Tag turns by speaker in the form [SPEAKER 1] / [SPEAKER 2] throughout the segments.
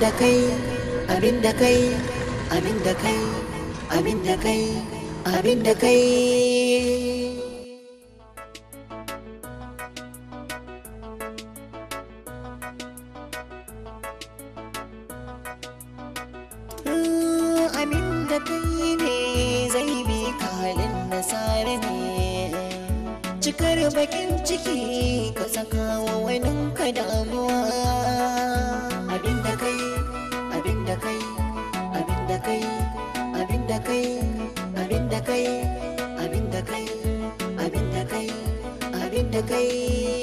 [SPEAKER 1] da kai kai kai kai mm, kai
[SPEAKER 2] ne zai bi halin nasara ne cikar bakin ciki ka
[SPEAKER 1] saka wa wani ka damuwa da kai kai abin da kai abin da kai abin da kai abin da kai abin da kai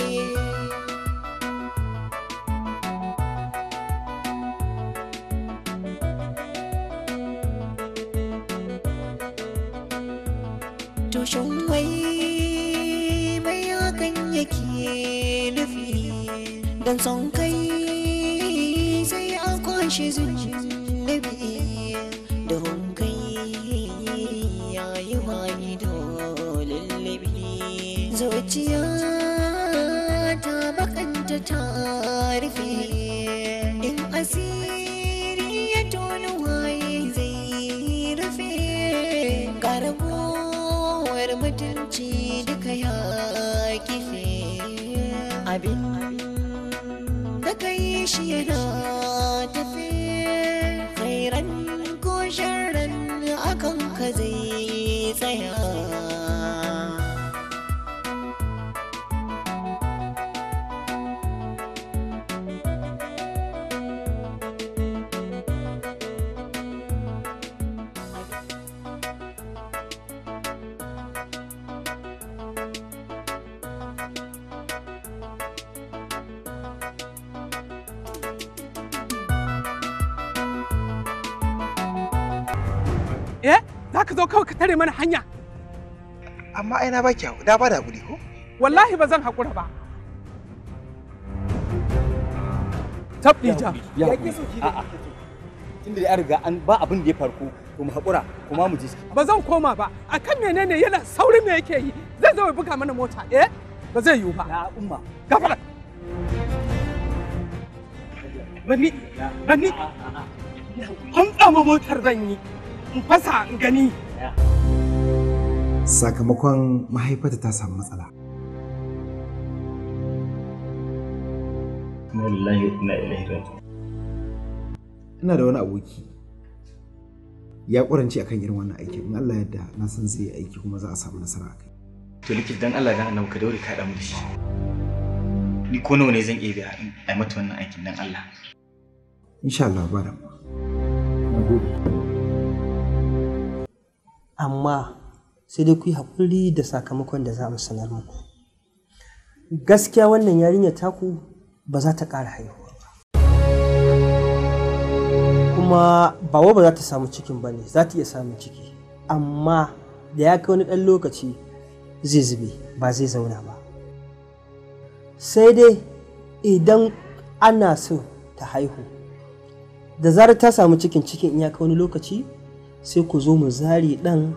[SPEAKER 2] mutunci duka ya kife abin da ka yi shi yana
[SPEAKER 3] kare mana hanya amma ai na baki da ba da guri ko wallahi ba zan hakura ba
[SPEAKER 4] ja. ya ki ki so a'a tunda da ya riga an ba abin da ya farko to mu hakura kuma mu ji ba zan koma ba
[SPEAKER 5] akan menene yana saurin me yake yi zai zo ya buga mana mota eh ba zai yiwu ba na umma gafara Bani, Rani, an tsama motar zan yi, in fasa gani. ɗaya.
[SPEAKER 3] Sakamakon mahaifata ta samu matsala. Ina da wani aboki ya ƙwarance akan irin wannan aikin in Allah yadda na san zai yi aiki kuma za a samu nasara akai.
[SPEAKER 4] To likita dan Allah dan annabi ka daure ka mu da shi. Ni ko nawa ne zan iya biya in ai mata wannan aikin dan Allah.
[SPEAKER 3] Insha Allah ba da mu.
[SPEAKER 4] Na gode.
[SPEAKER 3] amma
[SPEAKER 6] sai dai ku yi haƙuri da sakamakon da za mu sanar muku gaskiya wannan yarinyar taku ba za ta ƙara haihuwa ba kuma ba wa ba za ta samu cikin ba ne za ta iya samun ciki amma da ya kai wani ɗan lokaci zai zube ba zai zauna ba sai dai idan ana so ta haihu da zarar ta samu cikin cikin kai wani lokaci sai ku zo mu zari ɗan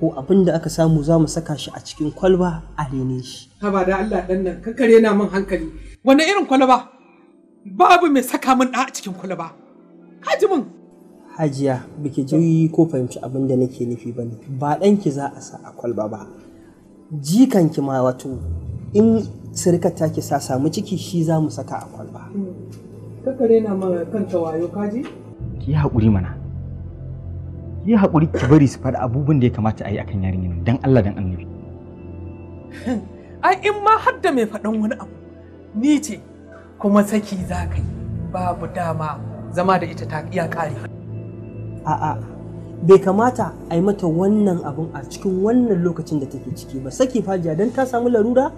[SPEAKER 6] ko abin da aka samu za mu saka shi a cikin kwalba a rene shi.
[SPEAKER 5] Haba da Allah ɗan nan kakare na min hankali. Wane irin kwalba? Babu mai saka min ɗa a cikin kwalba.
[SPEAKER 6] Haji min. Hajiya, biki ji ko fahimci abin da nake nufi ba ne. Ba za a sa a kwalba ba. ki ma wato in sirkar ta ki sa samu ciki shi za mu saka a kwalba.
[SPEAKER 5] Hmm. Kakare na min kanta wayo kaji?
[SPEAKER 4] Ki haƙuri mana. yi haƙuri ki bari su faɗi abubuwan da ya kamata a yi akan yarinyar dan Allah dan annabi
[SPEAKER 5] ai in ma har da mai faɗan wani abu ni ce kuma saki za ka yi babu dama zama da ita ta iya
[SPEAKER 6] ƙare a'a bai kamata a yi mata wannan abun a cikin wannan lokacin da take ciki ba saki fajiya don ta samu larura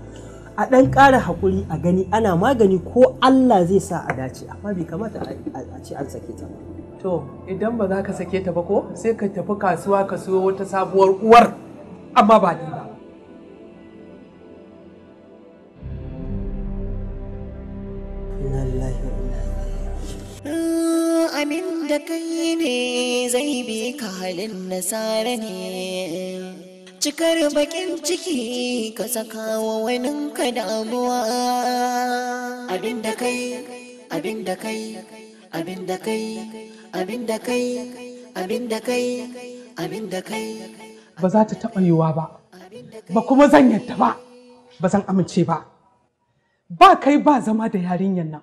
[SPEAKER 6] a ɗan ƙara haƙuri a gani ana magani ko Allah zai sa a dace amma bai kamata a ce an sake ta
[SPEAKER 5] ba to idan ba za ka sake ta ba ko sai ka tafi kasuwa ka siyo wata sabuwar uwar amma ba ni ba
[SPEAKER 2] Amin da kai ne zai bi ka halin nasara ne. cikar bakin ciki ka saka wa waninka damuwa
[SPEAKER 1] abin da kai abin da kai abin da kai abin da kai abin da kai abin da kai ba za
[SPEAKER 5] ta taɓa yiwuwa ba ba kuma zan yadda ba ba zan amince ba ba kai ba zama da yarinyar nan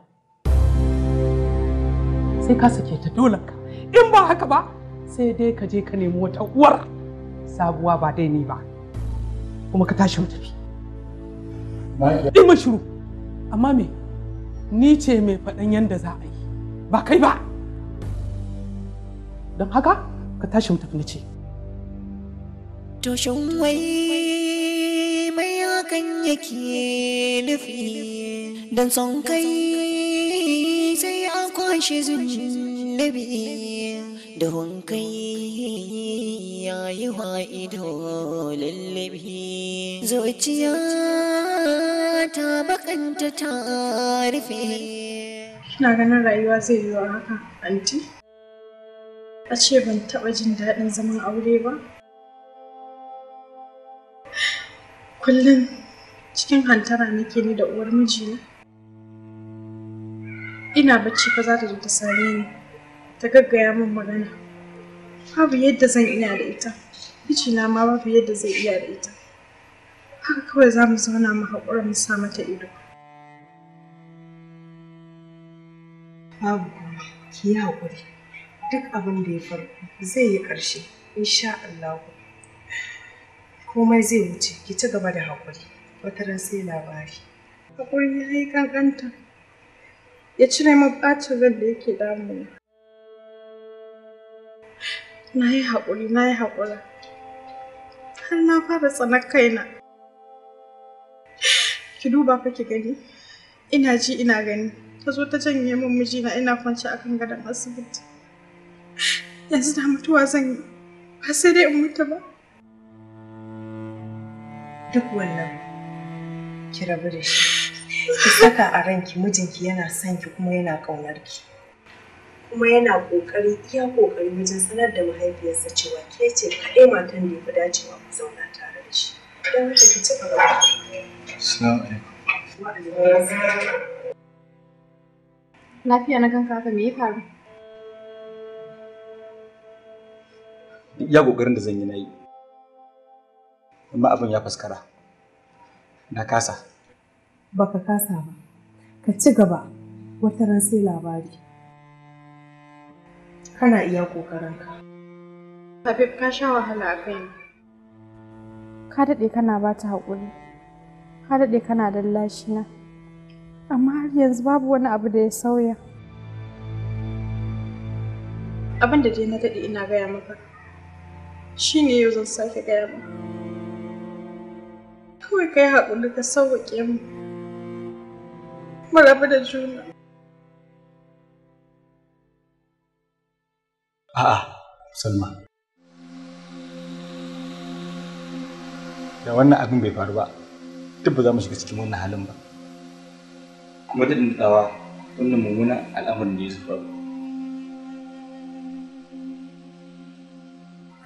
[SPEAKER 5] sai ka sake ta dole in ba haka ba sai dai ka je ka nemi wata uwar sabuwa ba dai ni ba kuma ka tashi mu tafi in shiru amma me ni ce mai faɗan yadda za a yi ba kai ba don haka ka tashi mu tafi ce
[SPEAKER 2] to wai mai hakan yake nufi don son kai sai a kwashe zunubi da kai ya yi wa ido lallabi zuciya ta bakanta ta rufe Kina ganin rayuwa zai yi wa haka, anti?
[SPEAKER 7] A ce ban taɓa jin daɗin zaman aure ba? Kullum cikin hantara nake ni da uwar mijina. Ina bacci fa za ta zo ta same ni, ta gaggaya min magana. Babu yadda zan iya da ita, mijina ma babu yadda zai iya da ita. Haka kawai za mu zauna mu haƙura mu sa mata ido. Babu kuma ki yi haƙuri. Duk abin da ya farko. zai yi ƙarshe insha Allah. Komai zai wuce ki ci gaba da hakuri, Wata ran sai labari. Haƙuri ya yi ƙanƙanta. Ya cire ma ɓacin ran da yake damuna. Na yi haƙuri, na yi haƙura. Har na fara tsanar kaina. Ki duba fa ki gani. Ina ji ina gani. ta zo ta janye min mijina ina kwanci akan gadon asibiti yanzu da mutuwa zan yi ba sai dai in mutu ba duk wannan ki rabu da shi ki saka a ranki mijinki yana son ki kuma yana ƙaunar ki kuma yana kokari iya kokari wajen sanar da mahaifiyarsa cewa ke ce kaɗai matan da ya fi dacewa ku zauna tare da shi don haka
[SPEAKER 8] ki ci gaba da Assalamu alaikum.
[SPEAKER 7] Lafiya na kanka haka me ya faru?
[SPEAKER 4] Ya kokarin da zan yi na yi. Amma abin ya faskara. Na kasa.
[SPEAKER 7] Baka kasa ba. Ka ci gaba. Wata ran sai labari. Kana iya kokarinka. Habib ka sha wahala a kai Ka daɗe kana ba ta haƙuri. Ka daɗe kana lashi na. amma har yanzu babu wani abu da ya sauya. abin da dai na daɗe ina gaya maka shi ne yau zan sake gaya maka kawai kai haƙuri ka sauwaƙe mu mu rabu da juna
[SPEAKER 8] a'a salma
[SPEAKER 4] da wannan abin bai faru ba duk ba za mu shiga cikin wannan halin ba kuma da dawa wannan mummunan al'amarin da ya faru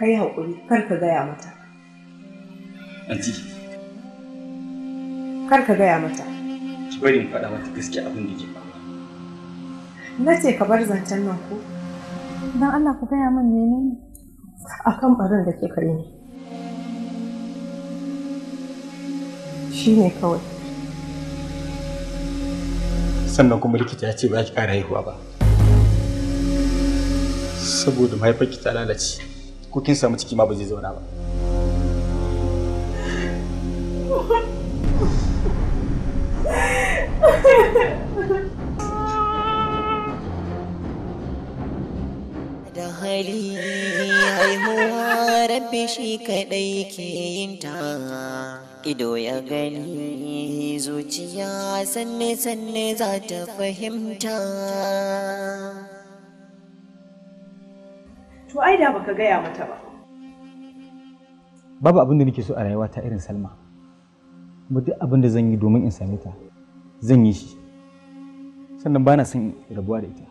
[SPEAKER 7] ka yi haƙuri kar ka gaya mata anti kar ka gaya mata
[SPEAKER 4] ki bari in faɗa mata gaskiya abin da ke faruwa
[SPEAKER 7] na ce ka bar zancen nan ko don Allah ku gaya min ne. akan barin da kika yi shi ne kawai
[SPEAKER 4] sannan kuma likita ya ce ba ki ƙara haihuwa ba saboda mahaifarki ta lalace ko kin samu ciki ma ba zai zauna ba
[SPEAKER 2] da hali haihuwa rabbi shi kadai ke yin ta ido ya gani zuciya sanne sanne za ta fahimta To ai da baka gaya mata ba.
[SPEAKER 4] Babu abin da nake so a rayuwa ta irin Salma. Kuma duk abin da zan yi domin in same ta, zan yi shi. Sannan bana son rabuwa da ita.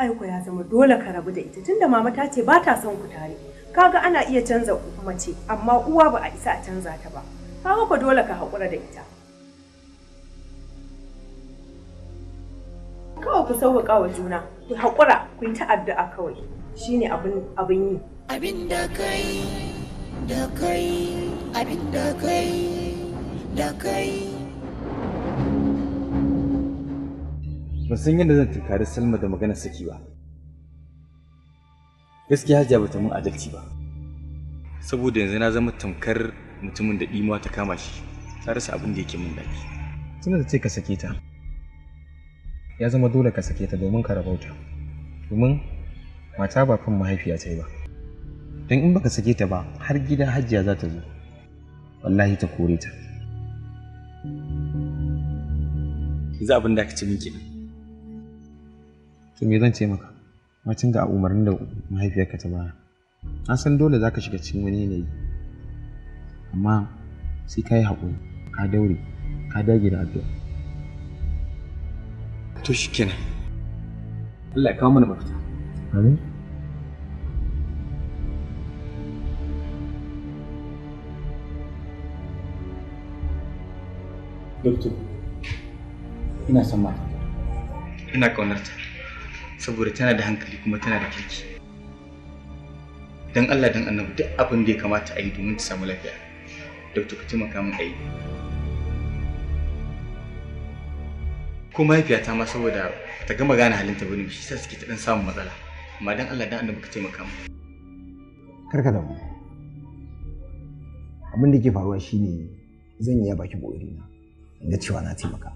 [SPEAKER 7] Aiko ya zama dole ka rabu da ita tunda mama ta ce ba ta son ku tare. Kaga ana iya canza mace amma uwa ba a isa a canza ta ba. Kaga ko dole ka haƙura da ita. kawai ku sauƙaƙa wa juna ku haƙura ku yi ta addu'a kawai shine abin abin yi abin da kai
[SPEAKER 1] da kai abin da kai da kai
[SPEAKER 4] ban san yadda zan tunkari salma da maganar saki ba gaskiya hajiya bata mun adalci ba saboda yanzu na zama tamkar mutumin da imuwa ta kama shi ta rasa abin da yake min daɗi tunda ta ce ka sake ta ya zama dole ka sake ta domin ka rabauta domin mata ba kan mahaifiya ce ba don in baka sake ta ba har gida hajjiya za ta zo wallahi ta kore ta za abin da ka ce miki to me zan ce maka macin ga umarnin da mahaifiyarka ta baya na san dole za ka shiga cikin wani yanayi amma sai ka yi haƙuri ka daure ka dage da addu'a to shikenan Allah ya kawo mana mafita amin Doktor, ina son mata. Ina ƙaunarta, saboda tana da hankali kuma tana da kirki. Don Allah don annabi duk abin da ya kamata a yi domin ta samu lafiya. Doktor, ka taimaka min a yi. ko mahaifiyata ma saboda ta gama gane halinta bane shi sa suke ta dan samun matsala amma dan Allah dan annabi ka taimaka mu
[SPEAKER 3] karka da mu abin da ke faruwa shine zan iya baki kokari na ga cewa na taimaka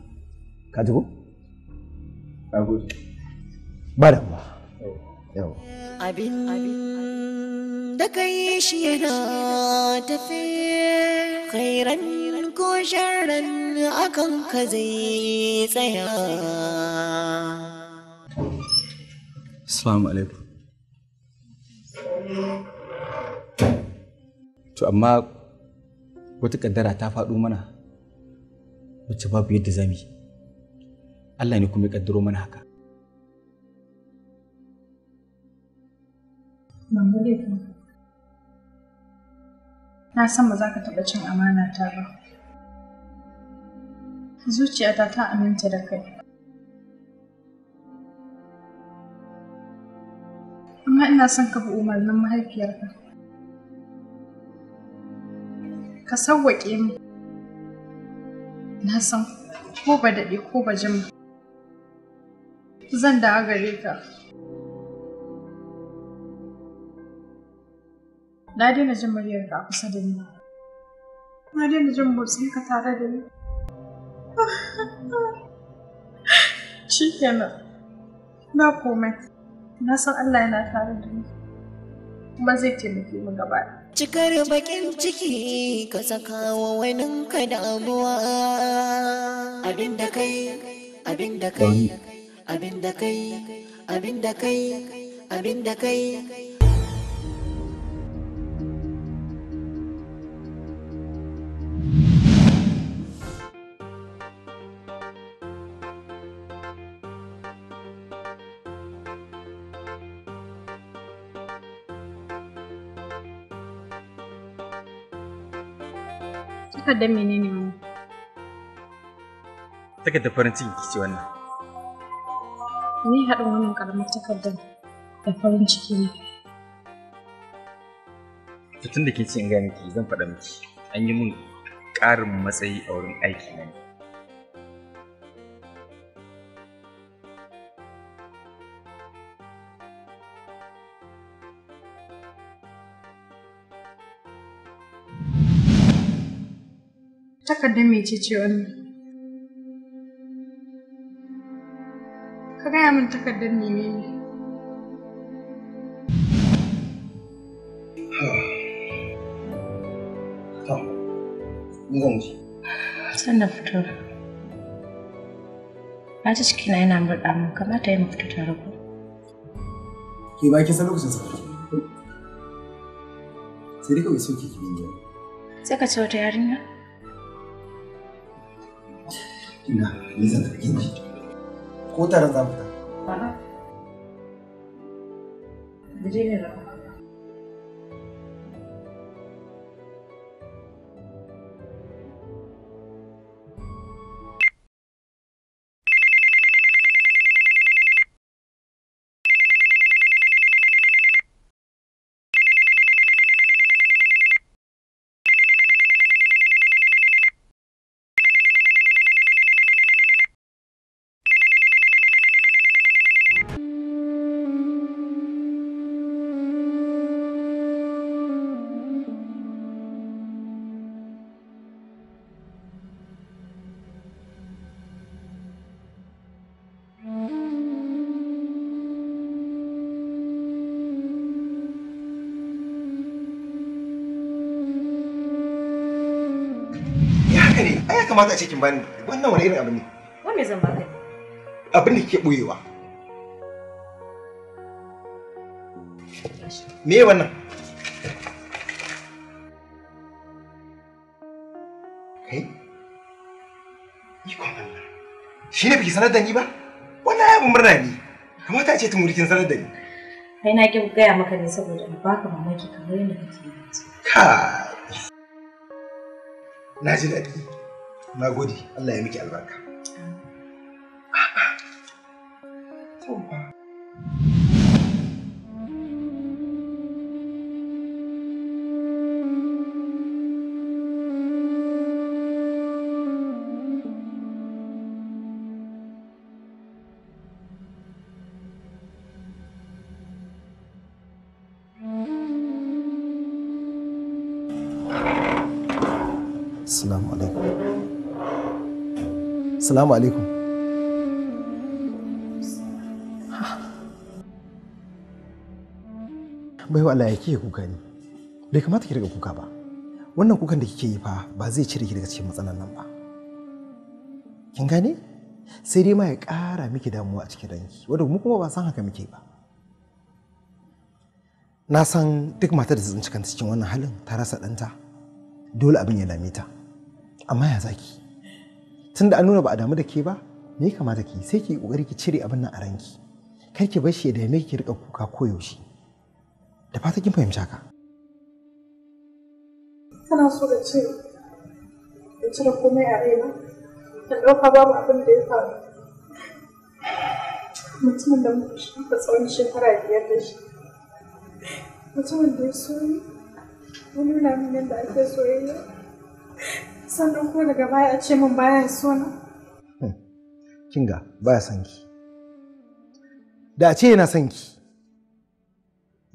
[SPEAKER 3] ka ji ko ba da ba
[SPEAKER 1] abin da kai shi
[SPEAKER 2] yana tafe khairan ko sharran akan ka zai tsaya
[SPEAKER 4] Assalamu alaikum to amma wata kaddara ta faɗo mana wacce babu yadda zami Allah ne kuma ya kaddaro mana haka
[SPEAKER 7] Ban ga ka. Na san ba za ka taɓa cin amana ta ba. Zuciyata ta aminta da kai. Amma ina son ka bi umarnin mahaifiyarka. Ka sawwaƙe mu. Na san ko ba daɗe ko ba jima. Zan dawo gare ka. Na daina jin muryar ka kusa da ni. Na daina jin motsin ka tare da ni. Shikenan. Na
[SPEAKER 2] komai. Na san
[SPEAKER 7] Allah yana tare da ni. Kuma zai taimake mu gaba
[SPEAKER 2] Cikar bakin ciki ka saka wa da abuwa.
[SPEAKER 1] abin da kai abin da kai abin da kai abin da kai abin da kai
[SPEAKER 7] Takardar menene
[SPEAKER 4] take da farin ciki ce wannan.
[SPEAKER 7] Ni haɗin wannan ƙaramar takardar da farin ciki ne.
[SPEAKER 4] Tun da kin ce in ga miki zan faɗa miki an yi min ƙarin matsayi a wurin aiki na ne.
[SPEAKER 7] Takardar mai ce wannan? Ka gaya min takardar ne ne? Zan ji. San da fito. Na cikin na yana murɗa min kamata ya mu tare ku.
[SPEAKER 3] Ke ba ki san lokacin safar Sai dai kawai soke ki bin
[SPEAKER 7] Sai ka ce wata yarinya?
[SPEAKER 8] ina nisa da gidi ko tare za mu ta.
[SPEAKER 3] A'a. kamata a ce kin bani wannan wani irin abu ne wanne zan baka abin da kike boyewa me wannan kai ikon Allah shi ne biki sanar da ni ba wannan ya murna ne kamata a ce tun wurkin sanar da ni
[SPEAKER 7] kai na ki gaya maka ne saboda in baka mamaki kamar yadda kake yi
[SPEAKER 3] ka na ji daɗi ما غودي الله
[SPEAKER 8] يهديك البركه السلام عليكم
[SPEAKER 3] salamu alaikum baiwa Allah ya kike kuka ne bai kamata ki riga kuka ba wannan kukan da kike yi fa ba zai cire ki daga cikin matsalan nan ba kin gane sai dai ma ya ƙara miki damuwa a cikin ranki wanda mu kuma ba san haka muke ba na san duk matar da zan kanta cikin wannan halin ta rasa ɗanta dole abin ya lame ta amma ya zaki tunda an nuna ba a damu da ke ba me kamata ki sai ki kokari ki cire abin nan a ranki kar ki bar shi da me ki rika kuka ko yaushe da fata kin fahimta ka.
[SPEAKER 7] kana so da ce in cire komai a raina in ɗauka babu abin da ya faru mutumin da muka shafa tsawon shekara biyar da shi mutumin da ya so ni wani nuna min yadda ake soyayya sannan kuma daga baya ce min baya so
[SPEAKER 3] na hmm. kinga baya son ki da ce yana son ki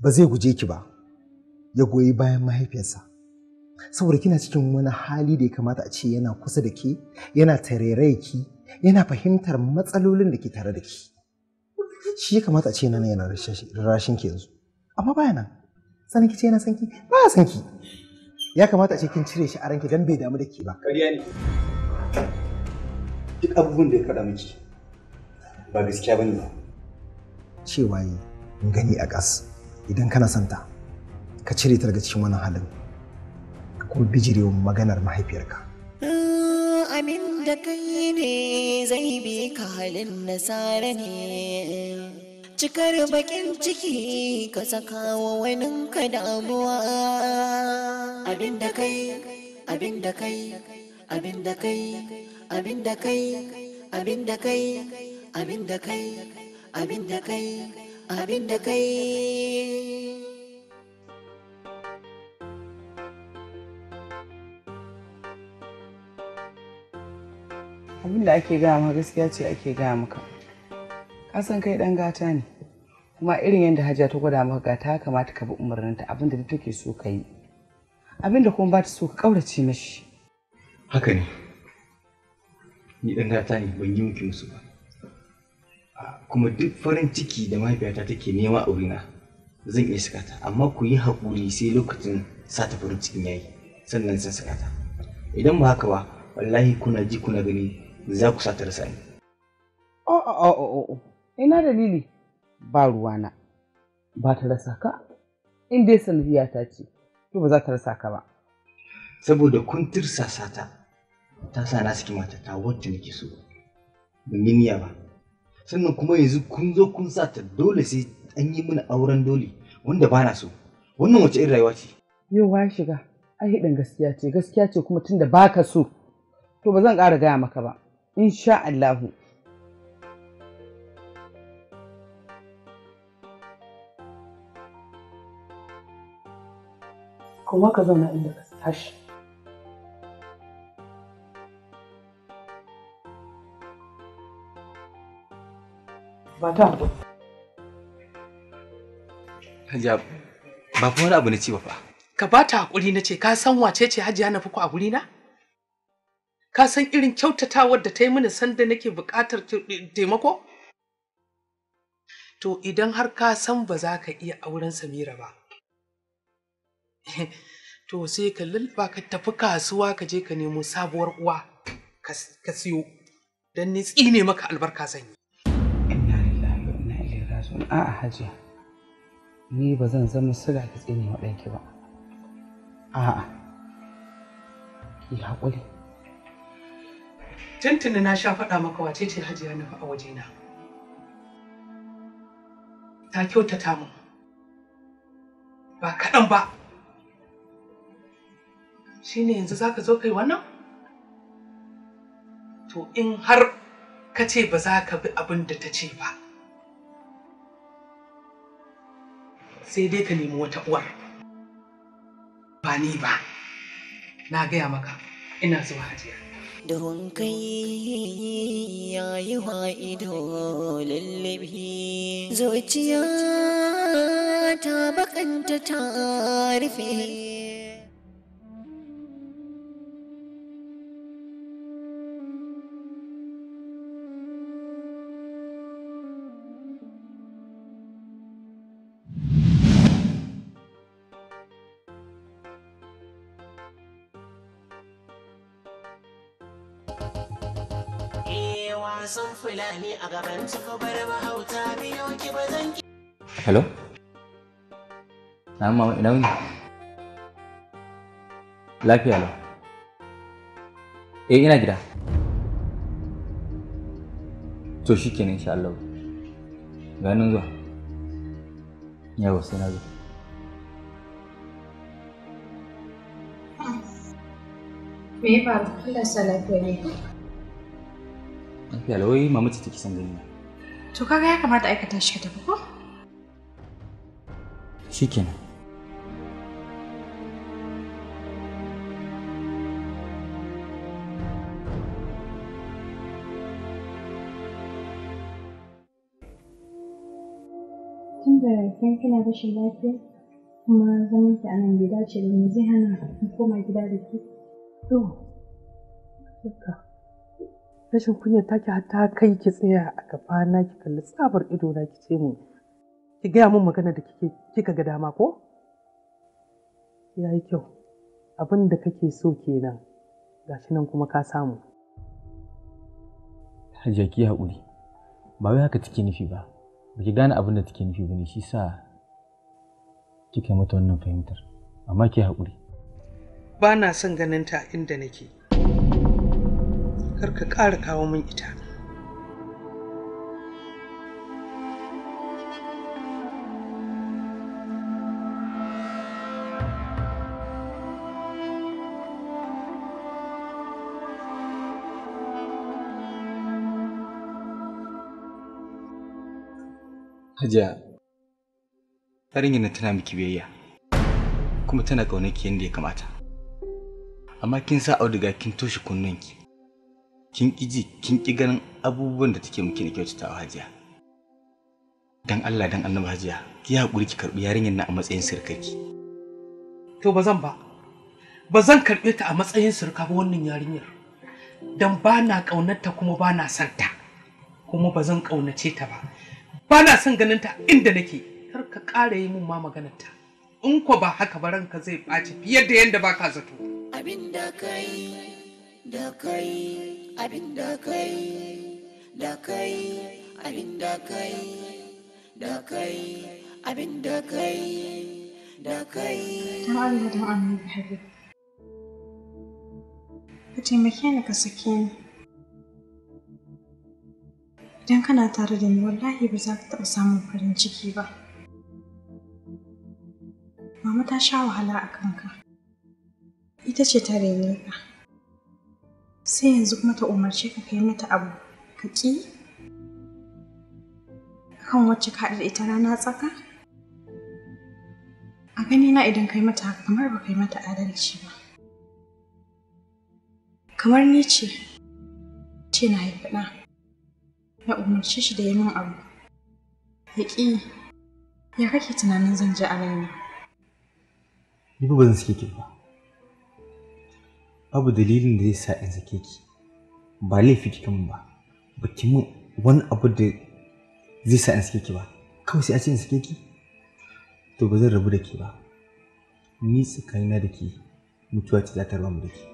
[SPEAKER 3] ba zai guje ki ba ya goyi bayan mahaifiyarsa saboda kina cikin wani hali da ya kamata a ce yana kusa da ke yana tarairaye ki yana fahimtar matsalolin da ke tare da ki shi ya kamata a ce yana yana rashin ki yanzu amma baya nan sanin ki yana son ki baya son ki ya kamata a ce kin cire shi a ranki dan bai damu da ke ba
[SPEAKER 4] Kariya ne duk abubuwan da ya faɗa miki ba gaskiya bane ba
[SPEAKER 3] cewa yi gani a ƙas idan kana son ta, ka cire ta daga cikin wannan halin ka kuma wa maganar mahaifiyarka
[SPEAKER 2] amin da kai ne zai bi ka halin nasara ne cikar bakin ciki ka saka wa waninka damuwa
[SPEAKER 1] abin da kai abin da kai abin da kai abin da kai abin da kai abin da kai abin da kai abin da kai
[SPEAKER 5] abin da ake gama gaskiya ce ake gama maka kasan kai dan gata ne kuma irin yadda hajiya ta gwada maka ga ta kamata ka bi umarninta abinda da take so ka yi abinda kuma ba ta so ka ƙaurace mashi
[SPEAKER 4] haka ne ni ɗan ta ne ban yi miki musu ba kuma duk farin ciki da mahaifiyata take nema a wurina zan iya saka ta amma ku yi haƙuri sai lokacin sata farin cikin yayi sannan zan saka ta idan ba haka ba wallahi kuna ji kuna gani za ku sata rasa
[SPEAKER 8] ni.
[SPEAKER 3] Oh, oh, oh, oh, ina dalili
[SPEAKER 4] ba ruwana ba ta rasa ka
[SPEAKER 5] in dai sanadiya ta ce to ba za ta
[SPEAKER 4] rasa ka ba saboda kun tirsa ta ta sa na saki mata ta wacce nake so domin niyya ba sannan kuma yanzu kun zo kun sa ta dole sai an yi mini auren dole wanda ba na so wannan wace irin rayuwa ce
[SPEAKER 5] yau wa shiga ai dan gaskiya ce gaskiya ce kuma tunda baka so to ba zan ƙara gaya maka ba insha Allahu kuma ka zauna inda ka tashi ba ta haƙuri
[SPEAKER 4] hajiya ba kuma wani abu na ci ba fa
[SPEAKER 5] ka ba ta haƙuri na ce ka san wace ce hajiya na fuku a guri na ka san irin kyautata wadda ta yi mini sanda nake buƙatar eh, taimako to idan har ka san ba za ka iya auren samira ba to sai ka lulba ka tafi kasuwa ka je ka nemo sabuwar uwa ka siyo don ni tsine maka albarka zan Inna
[SPEAKER 7] lillahi wa inna ilaihi raji'un.
[SPEAKER 5] A'a Hajiya. Ni ba zan zama sila ki tsine wa ɗanki ba. A'a. Ki haƙuri. Tuntuni na sha faɗa maka wace ce Hajiya na a wajena. Ta kyautata mu Ba kaɗan ba. shine yanzu za ka zo kai wannan to in har ka ce ba za ka bi abin da ta ce ba sai dai ka nemi wata uwar ba ni ba na gaya maka ina zuwa hajiya
[SPEAKER 2] don kai ya yi wa ido lallabi zuciya ta bakanta ta rufe
[SPEAKER 4] hello na mama ina wuni lafiya lau eh ina gida to shi kenan insha Allah ganin zuwa yawa sai na zo
[SPEAKER 7] me ya faru Allah sa lafiya ne
[SPEAKER 4] lafiya lau wai mamaci take son gani na
[SPEAKER 7] To kaga ya kamata aikata shi ka tafi ko? Shikenan. da kin kina rashin lafiya kuma zaman ki anan bai dace ba mu zai hana mu koma gida da ke. To,
[SPEAKER 5] rashin kunyar take hatta kai ki tsaya a gaba na ki kalli tsabar ido na ki ce min, ki gaya min magana da kike kika ga dama ko yayi kyau abin da kake so kenan gashi nan kuma ka samu
[SPEAKER 4] hajiya ki haƙuri ba wai haka take nufi ba ba gane abin da take nufi ba ne shi sa kika mata wannan fahimtar amma ki haƙuri
[SPEAKER 5] ba na son ganin ta inda nake kar ka ƙara kawo min ita
[SPEAKER 4] Hajiya, yarinyar nan tana miki biyayya kuma tana ƙaunaki yadda ya kamata. Amma kin sa auduga kin toshe kunnenki. kin ƙi ji kin ki ganin abubuwan da take muke da kyautatawa hajiya dan Allah dan annabi hajiya ki haƙuri ki karɓi yarinyar nan a matsayin sirkarki to ba zan ba
[SPEAKER 5] ba zan karɓe ta a matsayin sirka ba wannan yarinyar dan ba na ƙaunarta kuma ba na son ta kuma ba zan ƙaunace ta ba ba na son ganin ta inda nake kar ka ƙara yi min ma maganar ta in ko ba haka ba ranka zai ɓaci fiye da yadda ka zato
[SPEAKER 1] abinda kai da kai abin da kai da kai abin da kai da kai abin da kai da kai
[SPEAKER 7] Allah don annabi habib ka taimake ni ka sake ni idan kana tare da ni wallahi ba za ka taɓa samun farin ciki ba mama ta sha wahala a kanka ita ce ta rene ka sai yanzu kuma ta umarce ka kai mata abu ka ƙi kan wacce ka da ita rana tsaka a gani na idan kai mata kamar ba kai mata adalci ba kamar ni ce ce na haifi ɗa na umarce shi da yi min abu ya ƙi ya kake tunanin zan ji a raina
[SPEAKER 4] ni ba zan suke ke ba babu dalilin da zai sa in sake ki ba laifi kika ba ba ki min wani abu da zai sa in sake ki ba kawai sai a ce in sake ki to ba zan rabu da ke ba ni tsakanina da ke mutuwa ce za ta raba mu da ke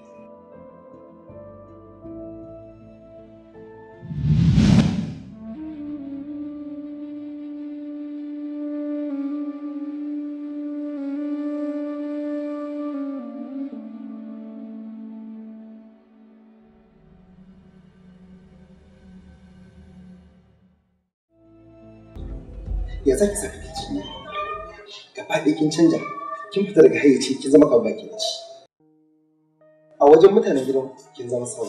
[SPEAKER 3] Ka ki saka kici ne gaba ɗaya kin canja kin fita daga hayyaci kin zama kan baki ci a wajen mutanen gidan kin zama sabo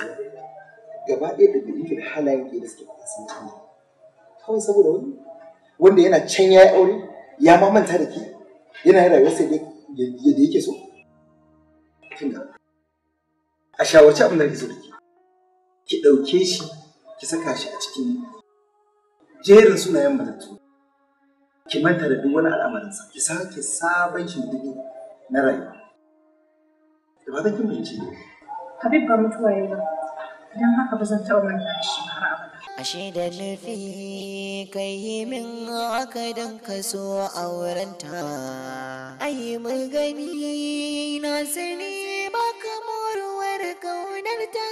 [SPEAKER 3] gaba ɗaya da ɗin kin halayen ki da suke fita sun canja kawai saboda wani wanda yana can ya yi aure ya ma manta da ke yana yin rayuwarsa yadda yake so kin ga a shawarci abin da ke so da ke ki ɗauke shi ki saka shi a cikin jerin sunayen matattu ki manta da duk wani al'amarinsa ki sake sabon shimfiɗi na rayuwa da ba zan kin bayyance ne
[SPEAKER 7] habib ba mutuwa yayi ba idan haka ba zan taɓa
[SPEAKER 2] manta shi har abada ashe da nufi kai yi min aka don ka so aurenta ai mai gani na sani
[SPEAKER 8] ba kamar kaunar ta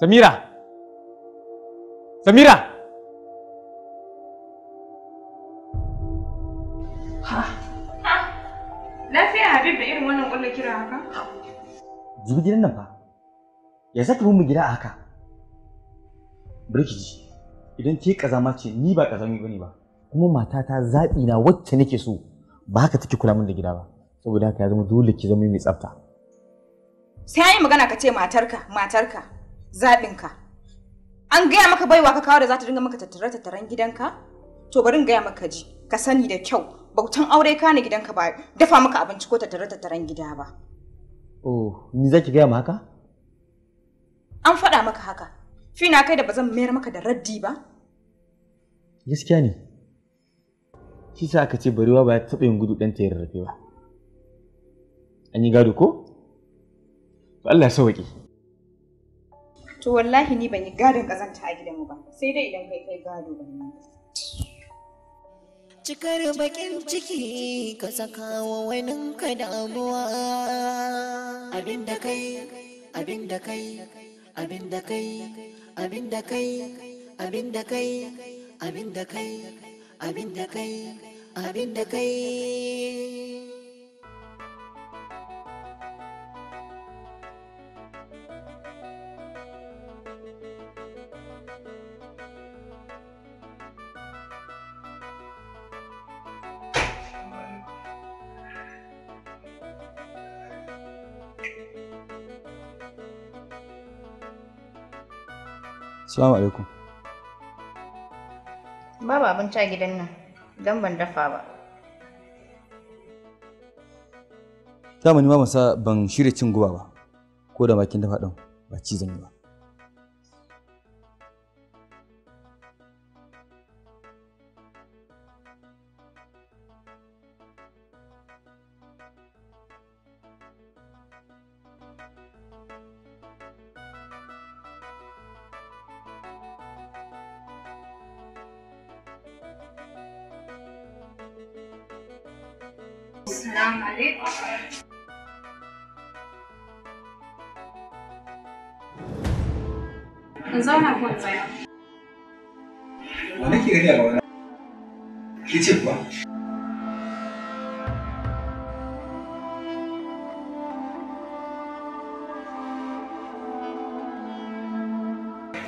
[SPEAKER 8] samira samira
[SPEAKER 7] lafiya habib da irin wannan kullu kira haka
[SPEAKER 4] jibi gidan nan fa ya saka mu gida a haka birkiji idan ke kazama ce ni ba ba kuma matata na wacce nake so ba haka take kula min da gida ba saboda haka ya zama dole ki zama mai tsafta
[SPEAKER 7] sai yi magana ka ce matarka matarka zaɓinka an gaya maka baiwa ka kawo da za ta dinga maka tattare-tattaren gidanka to bari in gaya maka ji ka sani da kyau bautan aure ka ne gidanka ba dafa maka abinci ko tattare-tattaren gida ba
[SPEAKER 4] oh ni za gaya ma haka
[SPEAKER 7] an faɗa maka haka fina kai da ba zan mayar maka da raddi ba
[SPEAKER 4] gaskiya ne shi sa aka ce barewa ba ya taɓa yin gudu ɗan ta rarrafe ba an yi gado ko Allah ya sauwaƙe
[SPEAKER 7] To wallahi ni ban yi gadon kazanta a gidanmu ba, sai dai idan kai kai gado ba
[SPEAKER 2] Cikar bakin ciki ka saka wa waninka damuwa.
[SPEAKER 1] Abin da kai, abin da kai, abin da kai, abin da kai, abin da kai, abin da kai, abin da kai, abin da kai.
[SPEAKER 4] Assalamu alaikum.
[SPEAKER 2] Babu abinci a gidan nan, don ban dafa ba.
[SPEAKER 4] Ta ma masa ban shirya cin guba ba, ko da makin dafa ɗan ba ci zan yi ba.
[SPEAKER 8] wa nake gani a gaba ke ce kuwa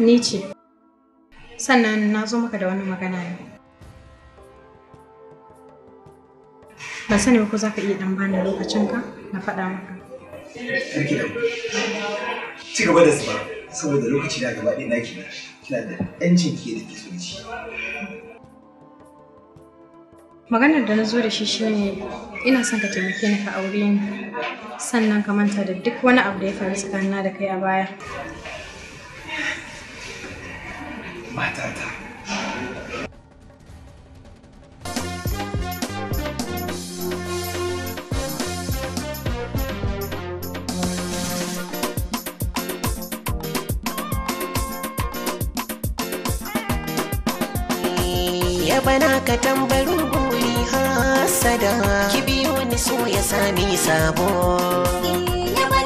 [SPEAKER 7] Ni ce, sannan na zo maka da wannan magana ne. Ba sani ko za ka iya ɗan bani lokacinka na faɗa maka.
[SPEAKER 3] Ci gaba da zuba saboda lokaci na gaba ɗaya naki na. da
[SPEAKER 7] maganar da na zo da shi shine ina son ka taimake ni ka aure ni sannan ka manta da duk wani abu da ya faru tsakanina da kai a baya
[SPEAKER 8] mata
[SPEAKER 9] wani so ya sami sabo ya ka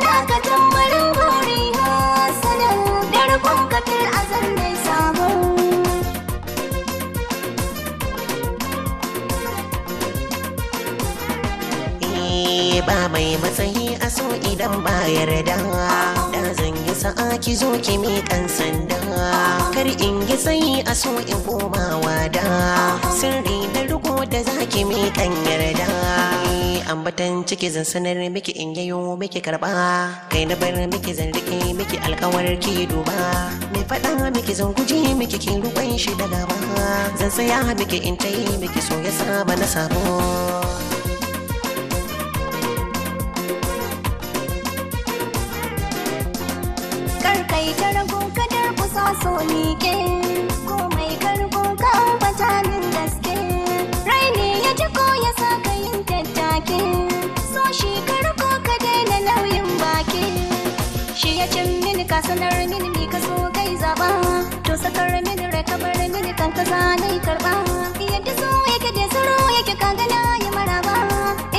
[SPEAKER 9] eh, ba mai matsayi a so idan ba yarda da yi sa'a ki zo ki miƙan sanda kar in yi tsayi a so in komawa da sirri na riko da zaki miƙan yarda ambatan ciki zan sanar miki in yayo miki karba kai na bar miki zan rike miki alkawar ki duba me faɗa miki zan guji miki kin ruban shi da gaba zan saya miki in tayi miki so ya saba na sabo
[SPEAKER 8] ka sanar mini ni ka so kai zaba to
[SPEAKER 2] sakar mini rai bar mini kan ka zane karba yadda so yake da tsaro yake kan
[SPEAKER 8] gana ya maraba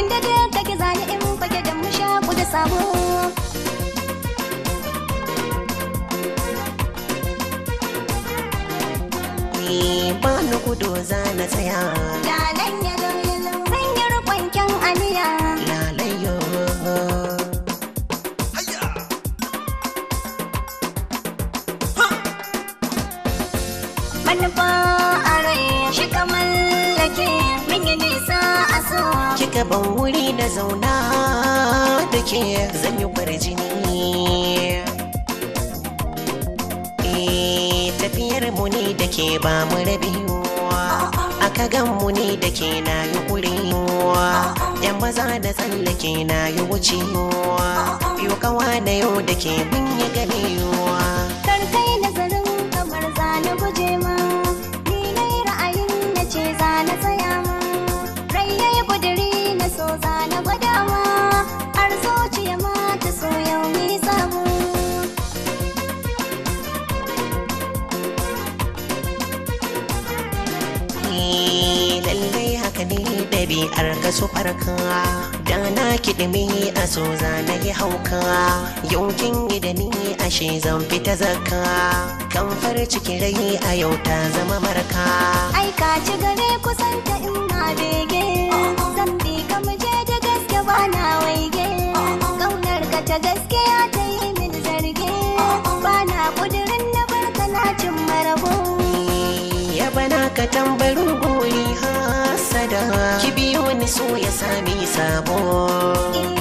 [SPEAKER 8] inda da take zane in fage da mu sha ku da sabo
[SPEAKER 9] eh, Ba na ku za na tsaya. ban wuri na zauna da ke zan yi e tafiyar mu ne da ke ba mu rabiwa aka gan mu ne da ke na yi kurewa yan maza da tsallake na yi wucewa yau kawa da yau da ke bin yi ganewa ka su farka da na kiɗi a so za na yi hauka yaukin yi a ni zan fita zakka kan ciki rai a yau ta zama marka
[SPEAKER 8] ai ka ci gare kusanta ina bege zan bi ka mu je da gaske ba na waige kaunar ka ta gaske ya ta yi min zarge ba na kudirin na barka na cin marabu ya bana
[SPEAKER 9] ka tambarin sadawa ki biyo ni so ya sami sabo